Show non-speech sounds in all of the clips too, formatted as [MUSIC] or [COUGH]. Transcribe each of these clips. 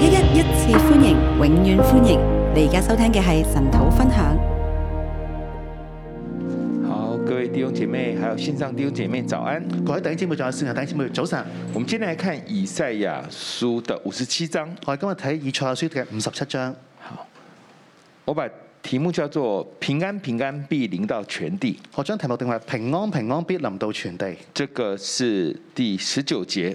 一一一次歡迎，永遠歡迎！你而家收聽嘅係神土分享。好，各位弟兄姐妹，還有線上弟兄姐妹，早安！各位抖音節目仲有線下抖音節目，早上，我們今天來看以賽亞書的五十七章。我哋今日睇以賽亞書嘅五十七章。好，我把題目叫做平安，平安，領平，安平安必臨到全地。我將題目定為平安平安，必臨到全地。這個是第十九節。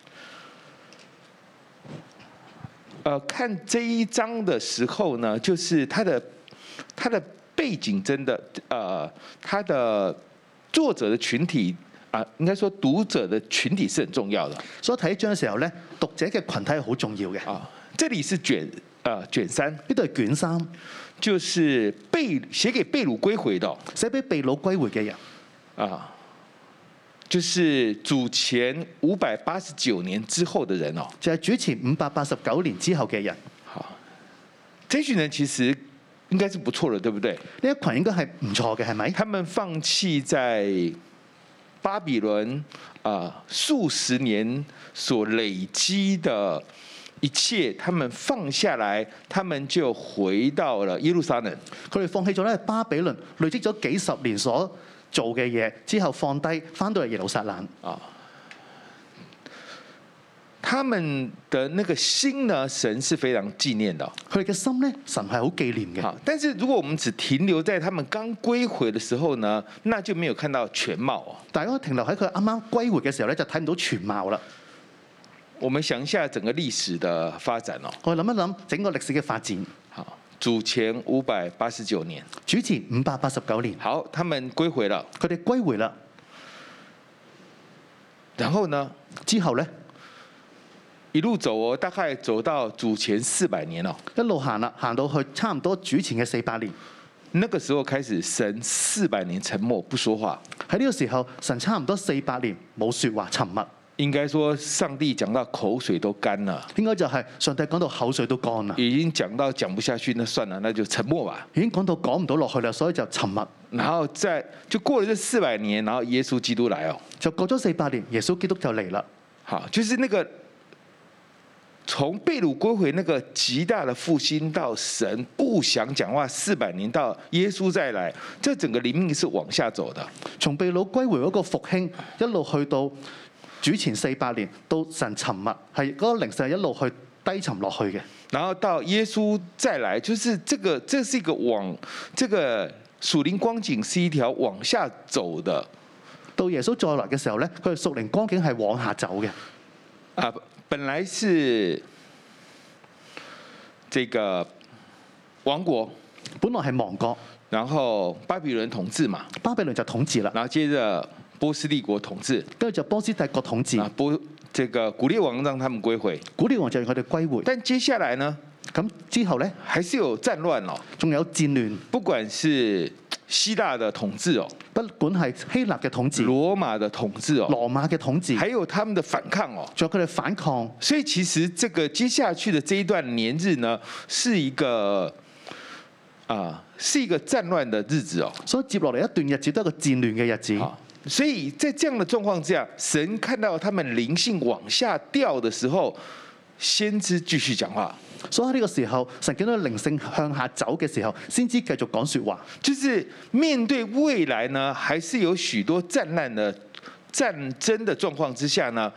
呃、看這一章的時候呢，就是他的他的背景真的，呃，它的作者的群體啊、呃，應該說讀者的群體是很重要的。所以睇章嘅時候咧，讀者嘅羣體係好重要嘅。啊，這裡是卷啊、呃、卷三，呢度係卷三，就是被寫給被擄歸回嘅，寫俾被擄歸回嘅人啊。就是主前五百八十九年之後的人哦，就係主前五百八十九年之後嘅人，好，這一群人其實應該是不錯的，對不對？呢一群應該係唔錯嘅，係咪？他們放棄在巴比倫啊數十年所累積的一切，他們放下來，他們就回到了耶路撒冷。佢哋放棄咗咧巴比倫累積咗幾十年所做嘅嘢之後放低，翻到嚟耶路撒冷啊，他們嘅那個心呢，神是非常紀念的。佢哋嘅心呢，神係好紀念嘅。啊，但是如果我們只停留在他們剛歸回嘅時候呢，那就沒有看到全貌啊。大家都停留喺佢啱啱歸回嘅時候呢，就睇唔到全貌啦。我們想一下整個歷史嘅發展咯。我諗一諗整個歷史嘅發展。主前五百八十九年，主前五百八十九年。好，他們歸回了，佢哋歸回啦。然後呢？之後呢，一路走哦，大概走到主前四百年咯。一路行啦，行到去差唔多主前嘅四百年，呢個時候開始神四百年沉默不說話。喺呢個時候，神差唔多四百年冇說話，沉默。應該說上帝講到口水都乾啦，應該就係上帝講到口水都乾啦，已經講到講不下去，那算了，那就沉默吧。已經講到講唔到落去啦，所以就沉默。然後再就過了這四百年，然後耶穌基督來哦，就過咗四百年，耶穌基督就嚟啦。好，就是那個從被擄歸回那個極大的復興到神不想講話四百年，到耶穌再來，這整個靈命是往下走的。從被擄歸回嗰個復興一路去到。主前四百年到神沉默，係嗰個靈性一路去低沉落去嘅。然後到耶穌再來，就是這個，這是一個往這個屬靈光景是一條往下走的。到耶穌再來嘅時候咧，佢屬靈光景係往下走嘅。啊，本來是這個王國，本來係亡國，然後巴比倫統治嘛，巴比倫就統治啦。然後接着。波斯帝國統治，跟住就波斯帝國統治。波這個古列王讓他們歸回，古列王就讓佢哋歸回。但接下來呢？咁之後呢，還是有戰亂咯。仲有戰亂，不管是希臘的統治哦，不管係希臘嘅統治，羅馬的統治哦，羅馬嘅統治，還有他們的反抗哦，仲有佢哋嘅反抗。所以其實這個接下去的這一段年日呢，是一個啊、呃，是一個戰亂的日子哦。所以接落嚟一段日子都係個戰亂嘅日子。哦所以在這樣的狀況之下，神看到他們靈性往下掉的時候，先知繼續講話。所以喺呢個時候，神見到靈性向下走嘅時候，先知繼續講說話。就是面對未來呢，還是有許多戰亂的、戰爭的狀況之下呢，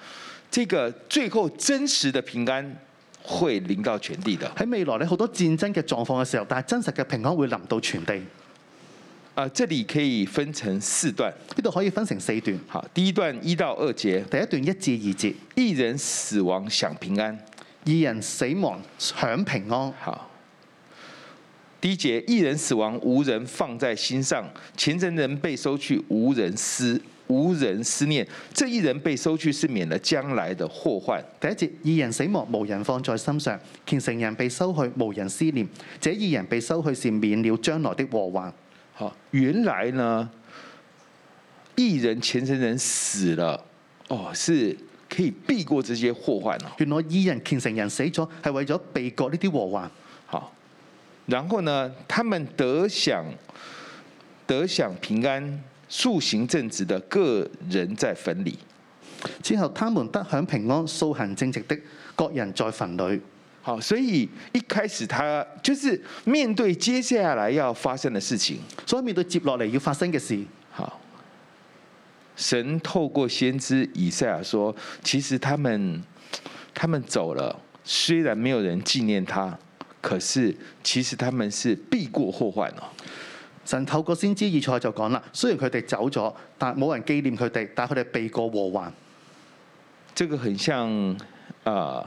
這個最後真實的平安會臨到全地的。喺未來呢，好多戰爭嘅狀況嘅時候，但係真實嘅平安會臨到全地。啊！這裡可以分成四段。呢度可以分成四段。好，第一段一到二節。第一段一至二節，一人死亡享平安，二人死亡享平安。好，第一節一人死亡無人放在心上，虔誠人被收去無人思無人思念。這一人被收去是免了將來的禍患。第一節二人死亡無人放在心上，虔誠人被收去無人思念。這二人被收去是免了將來的禍患。原來呢，義人虔誠人死了，哦，是可以避過這些禍患。啊，原來義人虔誠人死咗，係為咗避過呢啲禍患。然後呢，他們得享得享平安、素行正直的各人在墳裏。之後，他們得享平安、素行正直的各人在墳裏。好，所以一開始他就是面對接下來要發生的事情，所以面對接落來要發生嘅事。好，神透過先知以賽亞說，其實他們他們走了，雖然沒有人紀念他，可是其實他們是避過禍患咯。神透過先知以賽就講啦，雖然佢哋走咗，但冇人紀念佢哋，但佢哋避過禍患。這個很像啊。呃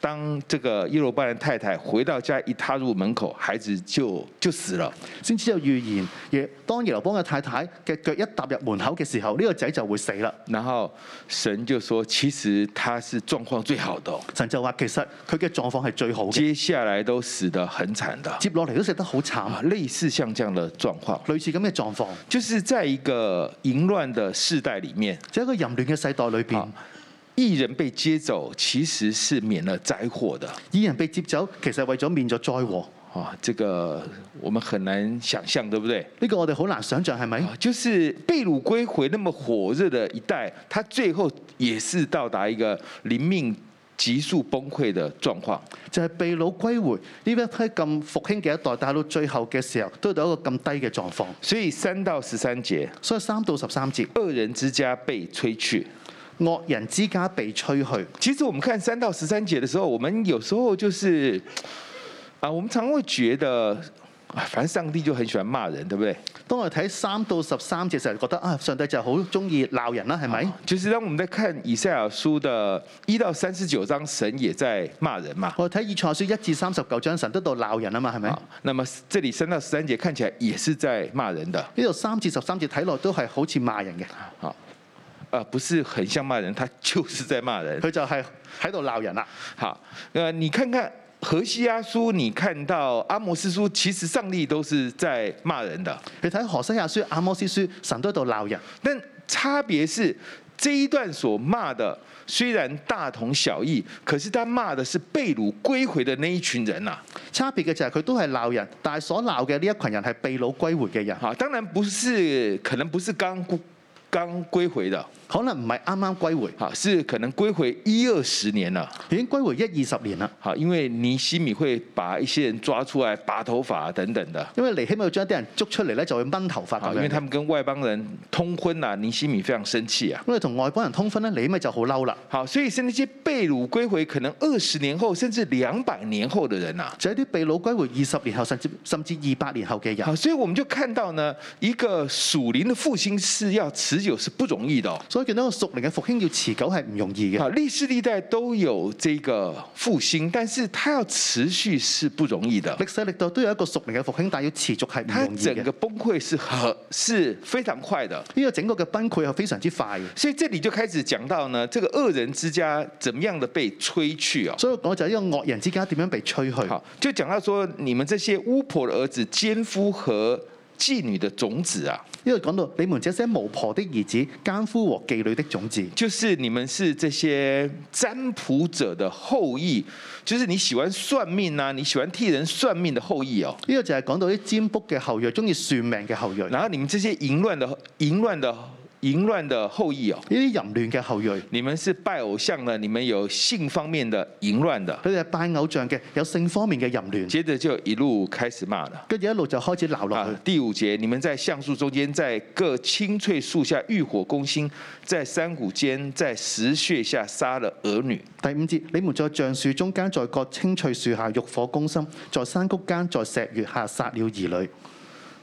當這個耶羅波安太太回到家一踏入門口，孩子就就死了。先知有預言，亦當耶羅波安嘅太太嘅腳一踏入門口嘅時候，呢、這個仔就會死啦。然後神就說，其實他是狀況最好的。神就話，其實佢嘅狀況係最好的。接下來都死得很慘的，接落嚟都死得好慘啊！類似像這樣的狀況，類似咁嘅狀況，就是在一個淫亂嘅世代裏面，在一個淫亂嘅世代裏邊。啊。義人被接走，其實是免了災禍的。義人被接走，其實是為咗免咗災禍。啊，這個我們很難想象，對不對？呢個我哋好難想象，係咪？就是被擄歸回那麼火熱的一代，他最後也是到達一個臨命急速崩潰的狀況。就係被擄歸回呢一批咁復興嘅一代，但係到最後嘅時候，都到一個咁低嘅狀況。所以三到十三節，所以三到十三節，惡人之家被吹去。惡人之家被吹去。其實我們看三到十三節的時候，我們有時候就是，啊，我們常會覺得，反正上帝就很喜歡罵人，對不對？當我睇三到十三節，時候，覺得啊，上帝就好中意鬧人啦，係咪？就是當我們在看以賽亞書的一到三十九章，神也在罵人嘛。我睇以賽亞書一至三十九章，神都到鬧人啊嘛，係咪？那麼這裡三到十三節看起來也是在罵人的。呢度三至十三節睇落都係好似罵人嘅。好。呃、不是很像罵人，他就是在罵人，或者喺度都鬧人啦、啊。好，呃，你看看何西阿書，你看到阿摩司書，其實上帝都是在罵人的，可是何西阿書、阿摩司書，上帝都鬧人。但差別是這一段所罵的雖然大同小異，可是他罵的是被擄歸回的那一群人呐、啊。差別個在，佢都係鬧人，但是所鬧嘅呢一群人係被擄歸回嘅人。啊，當然不是，可能不是剛剛歸回的，可能唔係啱啱歸回，啊，是可能歸回一二十年啦。已經歸回一二十年啦，好，因為尼西米會把一些人抓出來拔頭髮等等的。因為尼希米會將啲人捉出嚟咧，就去掹頭髮。因為他們跟外邦人通婚啦、啊，尼西米非常生氣啊。因為同外邦人通婚呢，尼希米就好嬲啦。好，所以是那些被擄歸回可能二十年後，甚至兩百年後的人啊。即係啲被擄歸回二十年後，甚至甚至二百年後嘅人。好，所以我們就看到呢一個屬靈的復興是要持。有是不容易的，所以那個屬靈嘅復興要持久係唔容易嘅。啊，歷世歷代都有這個復興，但是它要持續是不容易的。歷世歷代都有一個屬靈嘅復興，但要持續係唔容易嘅。整個崩潰是很是非常快的，因為整個嘅崩潰係非常之快的。所以這裏就開始講到呢，這個惡人之家怎麼樣的被吹去啊？所以我講就係一個惡人之家點樣被吹去？好，就講到說你們這些巫婆的兒子、奸夫和妓女的種子啊！因為講到你們這些巫婆的兒子、奸夫和妓女的種子，就是你們是這些占卜者的後裔，就是你喜歡算命啊，你喜歡替人算命的後裔哦。呢個就係講到啲占卜嘅後裔，中意算命嘅後裔。然後你們這些淫亂的、淫亂的。淫亂的後裔哦，呢啲淫亂嘅後裔，你們是拜偶像呢？你們有性方面的淫亂的，佢哋係拜偶像嘅，有性方面嘅淫亂。接着就一路開始罵啦，跟住一路就開始鬧落去，啊，第五節，你們在橡樹中間，在各青翠樹下浴火攻心，在山谷間，在石穴下殺了兒女。第五節，你們在橡樹中間，在各青翠樹下浴火攻心，在山谷間，在石穴下殺了兒女。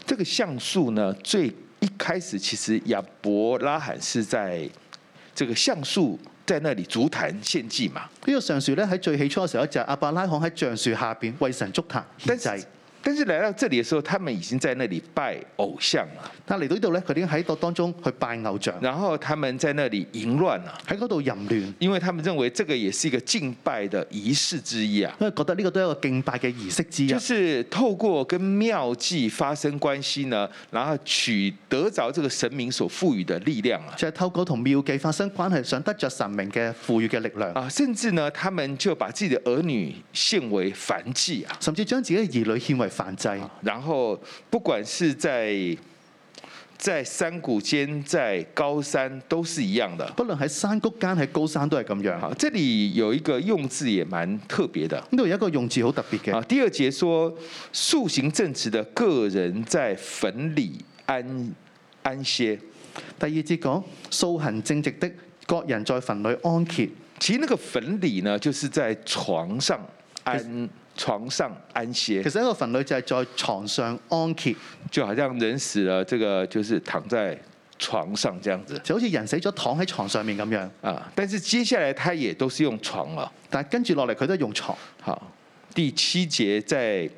這個橡樹呢最一開始，其實亞伯拉罕是在這個橡樹，在那裡築壇獻祭嘛。呢個橡樹咧，喺最起初嘅時候，就亞伯拉罕喺橡樹下邊為神築壇。但是來到這裡的時候，他們已經在那裡拜偶像了但來那嚟到呢度咧，佢哋喺度當中去拜偶像，然後他們在那裡淫亂啦，喺嗰度淫亂，因為他們認為這個也是一個敬拜的儀式之一啊。因為覺得呢個都是一個敬拜嘅儀式之一。一就是透過跟廟妓發生關係呢，然後取得着這個神明所賦予的力量啊。就係透過同廟妓發生關係，想得着神明嘅賦予嘅力量啊。甚至呢，他們就把自己的兒女獻為燔祭啊，甚至將自己的兒女獻為。繁制，然後不管是在在山谷間、在高山都是一樣的。不論喺山谷間、喺高山都係咁樣。哈，這裡有一個用字也蠻特別的。呢度有一個用字好特別嘅。啊，第二節說素行正直的個人在墳裏安安歇，第二節講素行正直的各人在墳裏安歇。其實那個墳裏呢，就是在床上安。床上安歇，其實一個墳女就係在床上安歇，就好像人死了，這個就是躺在床上這樣子，就好似人死咗躺喺床上面咁樣。啊，但是接下來他也都是用床咯，但係跟住落嚟佢都係用床。好，第七節在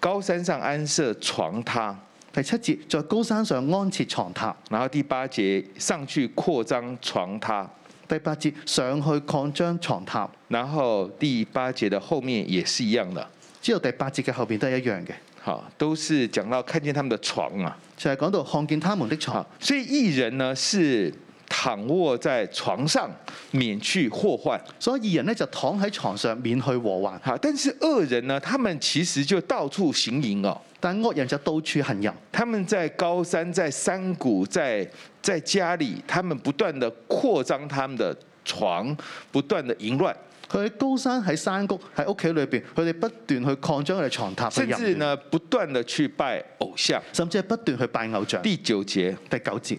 高山上安設床榻，第七節在高山上安設床榻，然後第八節上去擴張床榻。第八節上去擴張床榻，然後第八節的後面也是一樣的，只有第八節嘅後面都係一樣嘅，好，都是講到看見他們的床啊，就係講到看見他們的床，所以藝人呢是。躺臥在床上，免去禍患。所以人呢，就躺喺床上，免去禍患。哈！但是惡人呢，他們其實就到處行淫哦。但惡人就到處行淫。他們在高山，在山谷，在在家裏，他們不斷的擴張他們的床，不斷的淫亂。佢喺高山，喺山谷，喺屋企裏邊，佢哋不斷去擴張佢哋床榻，甚至呢，不斷的去拜偶像，甚至係不斷去拜偶像。第九節，第九節。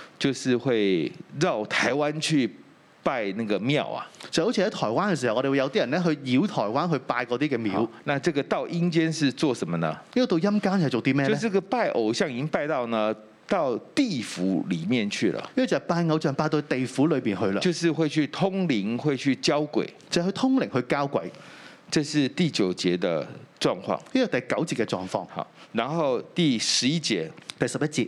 就是會繞台灣去拜那個廟啊，就好似喺台灣嘅時候，我哋會有啲人咧去繞台灣去拜嗰啲嘅廟。那這個到陰間是做什麼呢？因為到陰間係做啲咩咧？就係個拜偶像已經拜到呢，到地府裏面去了。因為就拜偶像拜到地府裏邊去了。就是會去通靈，會去交鬼。就係去通靈去交鬼，這是第九節的狀況。呢個第九節嘅狀況，好。然後第十一節，第十一節。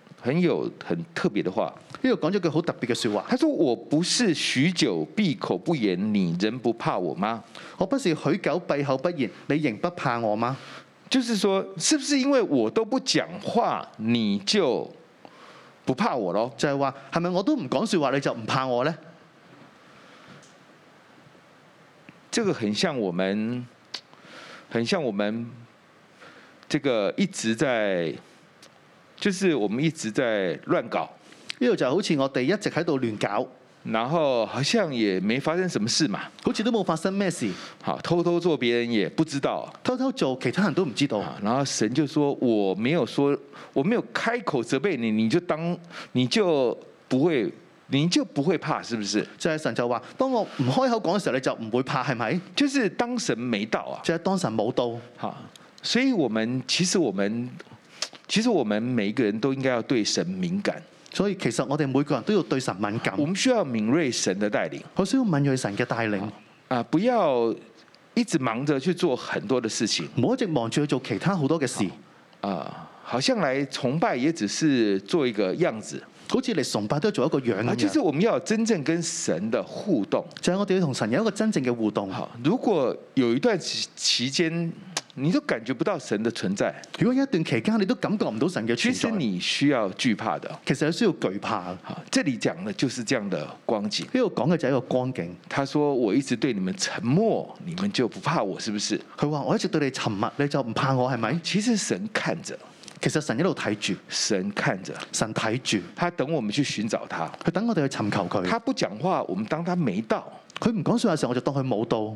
很有很特別的話，因為講咗個好特別嘅說話。他說：“我不是許久閉口不言，你人不怕我嗎？我不是許久閉口不言，你人不怕我嗎？就是說，是不是因為我都不講話，你就不怕我咯？就係話，係咪我都唔講說話，你就唔怕我呢？」這個很像我們，很像我們這個一直在。”就是我們一直在亂搞，呢度就好似我哋一直喺度亂搞，然後好像也沒發生什麼事嘛，好似都冇發生咩事。好，偷偷做別人也不知道，偷偷做其他人都唔知道。然後神就說：我沒有說，我沒有開口責備你，你就當你就不會，你就不會怕，是不是？即係神就話：當我唔開口講嘅時候，你就唔會怕，係咪？就是當神沒到啊，即係當神冇到。好，所以我們其實我們。其實我們每一個人都應該要對神敏感，所以其實我哋每個人都要對神敏感。我們需要敏銳神的帶領，好需要敏銳神的帶領啊！不要一直忙着去做很多的事情，我一直忙住去做其他好多嘅事啊，好像嚟崇拜也只是做一個樣子，好似嚟崇拜都做一個樣其實、啊就是、我們要真正跟神的互動，就係我哋要同神有一個真正嘅互動。如果有一段期期間。你都感覺不到神的存在。如果一段期間你都感覺唔到神嘅，其實你需要懼怕的。其實係需要懼怕。好，這裏講的就是這樣的光景。呢我講嘅就係一個光景。他說：我一直對你們沉默，你們就不怕我，是不是？佢話：我一直對你沉默，你就不怕我，係咪？其實神看着，其實神一路睇住，神看着，神睇住，他等我們去尋找他，他等我哋去尋求佢。他不講話，我們當他沒到；佢唔講說話嘅時候，我就當佢冇到。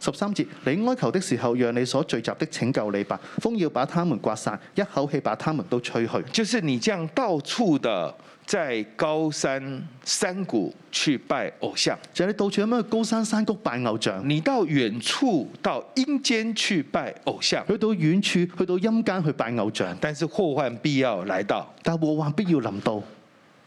十三節，你哀求的時候，讓你所聚集的拯救你吧。風要把他們刮散，一口氣把他們都吹去。就是你這樣到處的在高山山谷去拜偶像，就係你到處去高山山谷拜偶像。你到遠處到陰間去拜偶像，去到遠處去到陰間去拜偶像，但是禍患必要來到，但禍患必要臨到。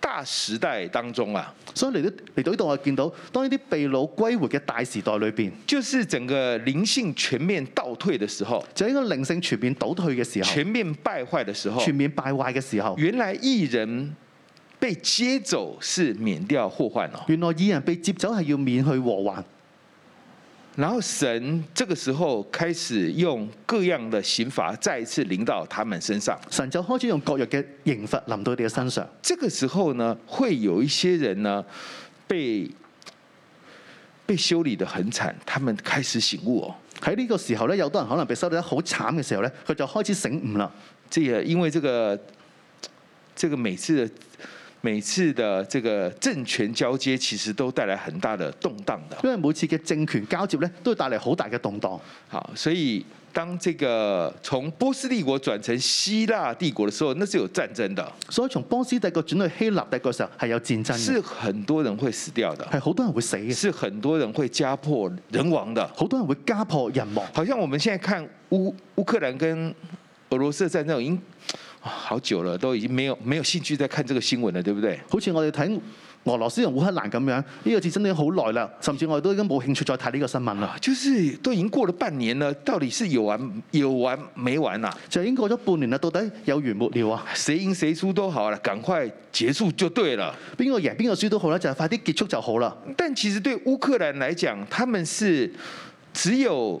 大時代當中啊，所以你都嚟到度，我見到當呢啲被擄歸回嘅大時代裏邊，就是整個靈性全面倒退嘅時候，整個靈性全面倒退嘅時候，全面敗壞嘅時候，全面敗壞嘅時候，原來義人被接走是免掉禍患咯。原來義人被接走係要免去禍患。然後神這個時候開始用各樣的刑罰再一次淋到他們身上，神就開始用各樣嘅刑罰淋到你嘅身上。這個時候呢，會有一些人呢，被被修理得很慘，他們開始醒悟哦。喺呢個時候呢，有多人可能被修理得好慘嘅時候呢，佢就開始醒悟啦。即係因為這個，這個每次每次的這個政權交接其實都帶來很大的動盪的，因為每次嘅政權交接呢，都會帶嚟好大嘅動盪。好，所以當這個從波斯帝國轉成希臘帝國的時候，那是有戰爭的。所以從波斯帝國轉到希臘帝國嘅時候係有戰爭，是很多人會死掉的，係好多人會死嘅，是很多人會家破人亡的，好多人會家破人亡。好像我們現在看烏克蘭跟俄羅斯嘅戰爭已經。好久了，都已經沒有沒有興趣再看這個新聞了，對不對？好似我哋睇俄羅斯同烏克蘭咁樣，呢、這個事真的好耐啦，甚至我哋都已經冇興趣再睇呢個新聞啦。就是都已經過了半年啦，到底是有完有完沒完啦，啊？就已經過咗半年啦，到底有完沒了啊？誰贏誰輸都好了，趕快結束就對了。邊個贏邊個輸都好啦，就快啲結束就好啦。但其實對烏克蘭來講，他們是只有。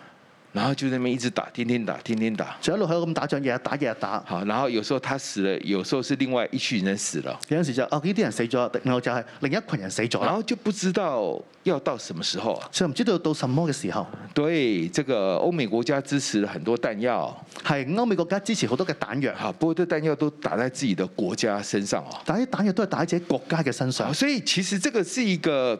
然後就咁樣一直打，天天打，天天打。就一路喺度咁打仗，日日打，日日打。好，然後有時候他死了，有時候是另外一群人死了。有陣時就哦，呢啲人死咗，然後就是另一群人死咗，然後就不知道要到什麼時候。所以唔知道到什麼嘅時候。對，這個歐美國家支持了很多彈藥。係歐美國家支持好多嘅彈藥，哈，不過啲彈藥都打在自己嘅國家身上哦。打啲彈藥都係打喺自己國家嘅身上，所以其實這個是一個。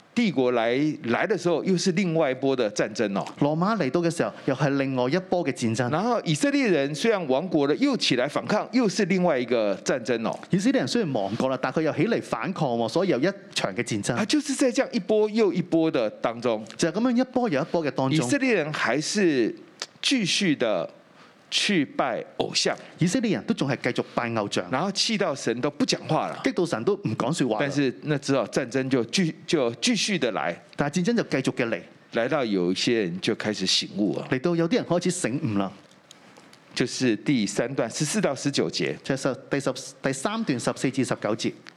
帝國來來的時候又是另外一波的戰爭哦。羅馬嚟到嘅時候又係另外一波嘅戰爭。然後以色列人雖然亡國了，又起來反抗，又是另外一個戰爭哦。以色列人雖然亡國啦，但佢又起嚟反抗，所以有一場嘅戰爭。啊，就是在這樣一波又一波的當中，就係咁樣一波又一波嘅當中，以色列人還是繼續的。去拜偶像，以色列人都仲係繼續拜偶像，然後氣到神都不講話啦，激到神都唔講說話。但是那知道戰爭就繼就繼續的來，但係戰爭就繼續嘅嚟。嚟到有一些人就開始醒悟啦，嚟到有啲人開始醒悟啦，就是第三段十四到十九節，就第十第三段十四至十九節。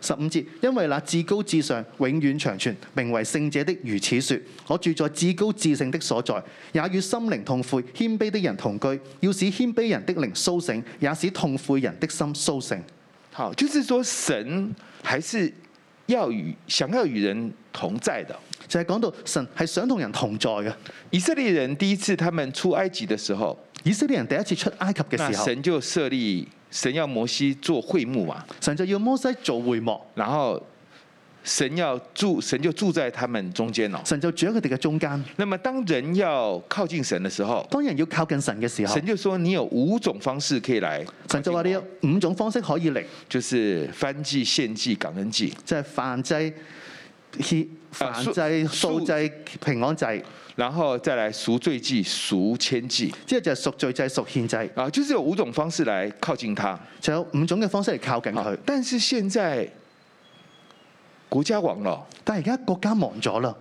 十五節，因為那至高至上、永遠長存、名為聖者的如此說：我住在至高至聖的所在，也與心靈痛悔、謙卑的人同居，要使謙卑人的靈蘇醒，也使痛悔人的心蘇醒。好，就是說神還是要與想要與人同在的，就係講到神係想同人同在嘅。以色列人第一次他們出埃及的時候，以色列人第一次出埃及嘅時候，神就設立。神要摩西做會幕嘛，神就要摩西做會幕，然後神要住，神就住在他們中間咯。神就住喺佢哋嘅中間。那麼當人要靠近神嘅時候，當人要靠近神嘅時候，神就說你有五種方式可以嚟。神就話你有五種方式可以嚟，就是燔祭、獻祭、感恩祭，即係犯罪燔祭、素祭、素祭、數平安祭，然後再來贖罪祭、贖愆祭，即係就係贖罪祭、贖愆祭。啊，就是有五種方式來靠近他，就有五種嘅方式嚟靠近佢，啊。但是現在國家亡咗，但而家國家亡咗啦，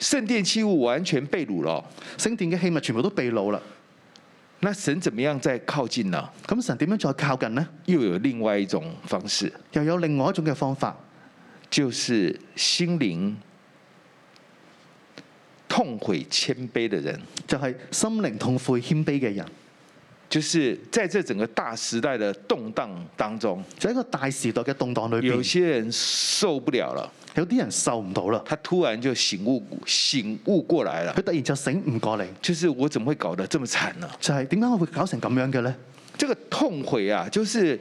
聖殿器物完全被擄咯，聖殿嘅器物全部都被擄了。那神怎麼樣再靠近呢？咁神點樣再靠近呢？又有另外一種方式，又有另外一種嘅方、方法。就是心靈痛悔謙卑的人，就係心靈痛悔謙卑嘅人，就是在這整個大時代的動盪當中，在一個大時代嘅動盪裏，有些人受不了了，有啲人受唔到了，他突然就醒悟，醒悟過來了，佢突然就醒唔過嚟，就是我怎麼會搞得這麼慘呢？就係點解我會搞成咁樣嘅呢？這個痛悔啊，就是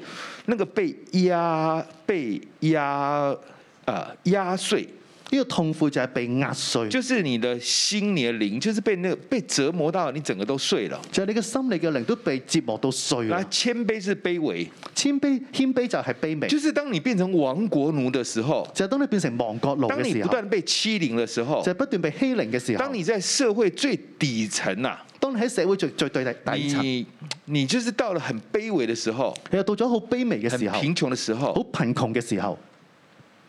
那個被壓、被壓。啊壓碎呢個痛苦就係被壓碎，就是你的心、你的靈，就是被那個、被折磨到你整個都碎了。就你個心裏嘅靈都被折磨到碎啦。謙卑是卑微，謙卑謙卑就係卑微。就是，就是當你變成亡國奴的時候，就當你變成亡國奴嘅時候，當你不斷被欺凌的時候，就不斷被欺凌的時候，當你在社會最底層啊，當你喺社會最最待底層，啊，你你就是到了很卑微的時候，又到咗好卑微嘅時候，很貧窮嘅時候，好貧窮嘅時候。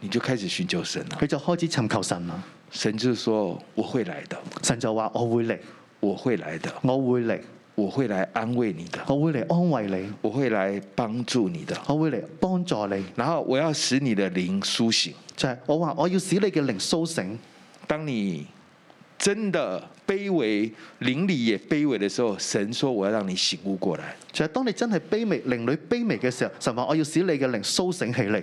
你就開始尋求神啦，佢就開始尋求神啦。神就說我會來的，神就話我會嚟，我會來的，我會嚟，我會來的，我會來安慰你的，我會嚟安慰你，我會來幫助你的，我會嚟幫助你。然後我要使你的靈甦醒，就係我話我要使你嘅靈甦醒。當你真的卑微，靈裏也卑微的時候，神說我要讓你醒悟過來。就係當你真係卑微，靈裏卑微嘅時候，神話我要使你嘅靈甦醒起嚟。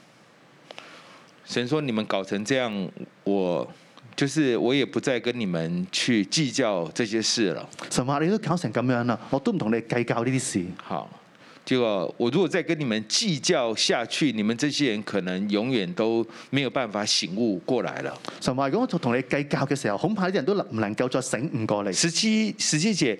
神說：你們搞成這樣，我就是我也不再跟你們去計較這些事了。神話你都搞成咁樣啦，我都唔同你計較呢啲事。好，結果，我如果再跟你們計較下去，你們這些人可能永遠都沒有辦法醒悟過來了。神話如果我同你計較嘅時候，恐怕啲人都唔能夠再醒悟過嚟。十七十七姐。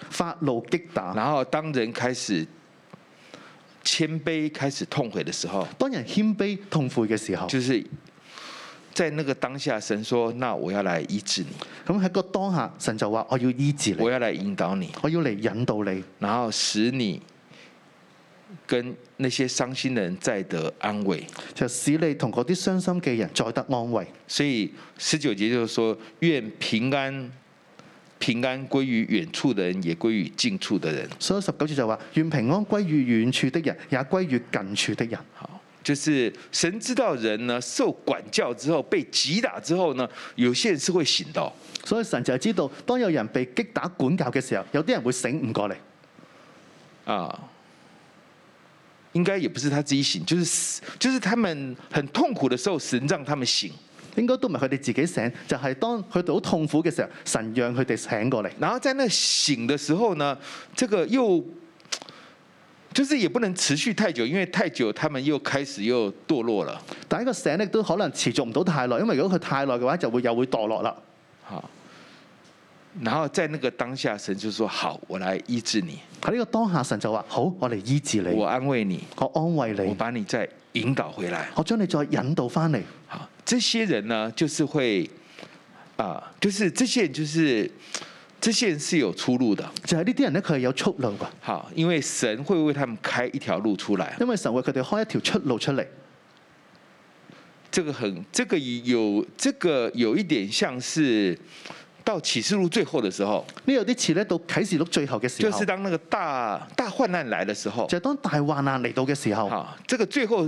發怒擊打，然後當人開始謙卑、開始痛悔的時候，當人謙卑痛悔嘅時候，就是在那個當下，神說：那我要來醫治你。咁喺個當下，神就話：我要醫治你，我要嚟引導你，我要嚟引導你，然後使你跟那些傷心的人再得安慰，就使你同嗰啲傷心嘅人再得安慰。所以十九節就是說：願平安。平安歸於遠處的人，也歸於近處的人。所以十九節就話，願平安歸於遠處的人，也歸於近處的人。就是神知道人呢，受管教之後，被擊打之後呢，有些人是會醒到。所以神就知道，當有人被擊打、管教嘅時候，有啲人會醒唔過嚟。啊，應該也不是他自己醒，就是就是他們很痛苦的時候，神讓他們醒。應該都唔係佢哋自己醒，就係、是、當佢哋好痛苦嘅時候，神讓佢哋醒過嚟。然後在那醒嘅時候呢，這個又就是也不能持續太久，因為太久，他們又開始又墮落了。但係個醒呢都可能持續唔到太耐，因為如果佢太耐嘅話，就會又會墮落啦。吓，然後在那個當下，神就說：好，我來醫治你。喺呢個當下，神就話：好，我嚟醫治你。我安慰你，我安慰你，我把你再引導回來，我將你再引導翻嚟。這些人呢，就是會啊，就是這些人，就是這些人是有出路的。就係呢啲人呢，可以有出路吧。好，因為神會為他們開一條路出來。因為神為佢哋開一條出路出嚟。這個很，這個有，這個有一點像是到啟示錄最後的時候。你有啲似呢到啟示錄最後嘅時候，就是當那個大大患難來的時候。就當大患難嚟到嘅時候。好，這個最後。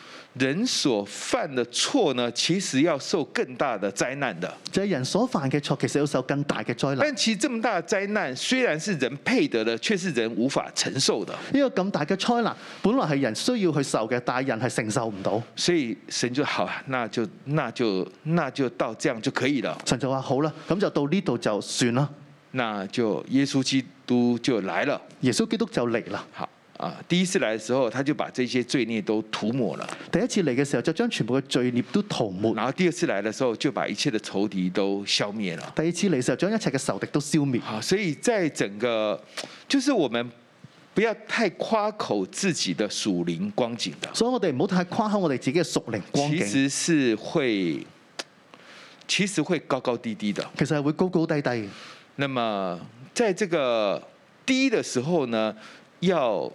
人所犯的錯呢，其實要受更大的災難的。就係人所犯嘅錯，其實要受更大嘅災難。但其實這麼大的災難，雖然是人配得的，卻是人無法承受的。呢個咁大嘅災難，本來係人需要去受嘅，但係人係承受唔到。所以神就好，那就那就那就，那就到這樣就可以了。神就話好啦，咁就到呢度就算啦。那就耶穌基督就來了。耶穌基督就嚟啦，吓。第一次來的時候，他就把這些罪孽都塗抹了。第一次嚟嘅時候，就將全部嘅罪孽都塗抹。然後第二次來的時候，就把一切的仇敵都消滅了。第一次嚟嘅時候，將一切嘅仇敵都消滅。啊！所以在整個，就是我們不要太誇口自己的屬靈光景的。所以我哋唔好太誇口我哋自己嘅屬靈光景，其實是會，其實會高高低低的。其實係會高高低低。那麼在這個低的時候呢，要。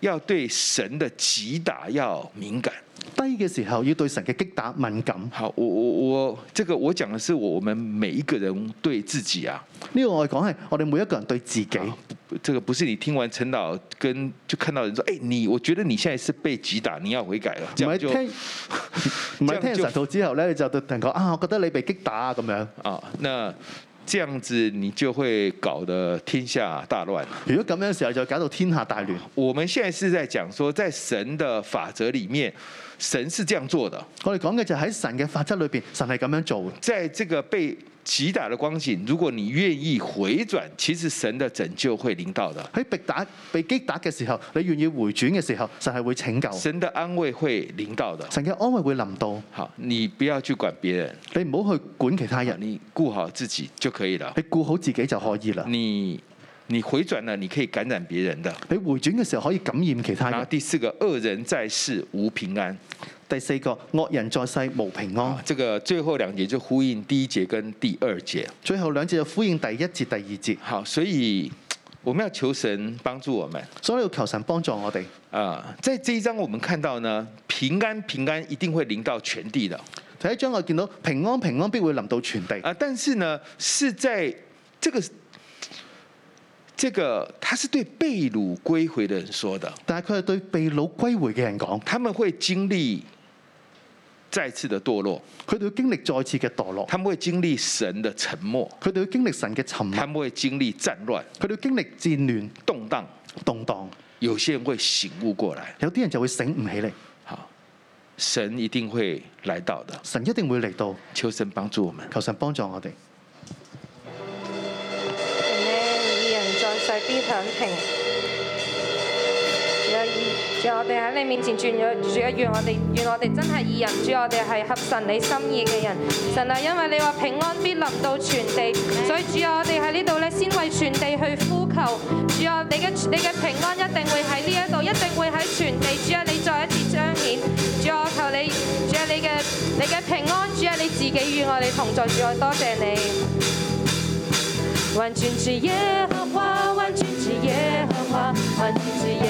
要對神的擊打要敏感，低嘅時候要對神的擊打敏感。好，我我我，這個我講的是我們每一個人對自己啊。呢個我講係，我哋每一個人對自己。這個不是你聽完陳導跟就看到人說，哎、欸，你我覺得你現在是被擊打，你要悔改了。唔係聽，唔係 [LAUGHS] 就聽神道之後咧，你就突然講啊，我覺得你被擊打啊，咁樣啊，哦這樣子你就會搞得天下大亂。如果咁樣嘅時候就搞到天下大亂。我們現在是在講說，在神的法則裏面，神是這樣做的。我哋講嘅就喺神嘅法則裏邊，神係咁樣做，在這個被擊打的光景，如果你願意回轉，其實神的拯救會臨到的。哎，被打、被擊打嘅時候，你願意回轉嘅時候，就係會拯救。神的安慰會臨到的。神嘅安慰會臨到。好，你不要去管別人，你唔好去管其他人，你顧好自己就可以了。你顧好自己就可以了。你，你回轉了，你可以感染別人的。哎，回轉的時候可以感染其他人。第四個，惡人在世無平安。第四個惡人在世無平安。啊，這個最後兩節就呼應第一節跟第二節。最後兩節就呼應第一節、第二節。好，所以我們要求神幫助我們。所以要求神幫助我哋。啊，在這一章我們看到呢，平安平安一定會臨到全地的。喺呢章我見到平安平安必會臨到全地。啊，但是呢是在這個這個，他是對被擄歸回的人說的。大家看對被擄歸回嘅人講，他們會經歷。再次的墮落，佢哋要經歷再次嘅墮落，他們會經歷神嘅沉默，佢哋要經歷神嘅沉默，他們會經歷戰亂，佢哋要經歷戰亂動蕩盪、動蕩盪。有些人會醒悟過來，有啲人就會醒唔起嚟。好，神一定會來到的，神一定會嚟到，求神幫助我們，求神幫助我哋。 [MUSIC] 主，我哋喺你面前轉咗，主啊，願我哋願我哋真係二人，主啊，我哋係合神你心意嘅人。神啊，因為你話平安必臨到全地，所以主啊，我哋喺呢度咧，先為全地去呼求。主啊，你嘅你嘅平安一定會喺呢一度，一定會喺全地。主啊，你再一次彰顯。主啊，我求你，主啊，你嘅你嘅平安，主啊，你自己與我哋同在。主啊，多謝你。完全係耶和華，完全係耶和華，完全係。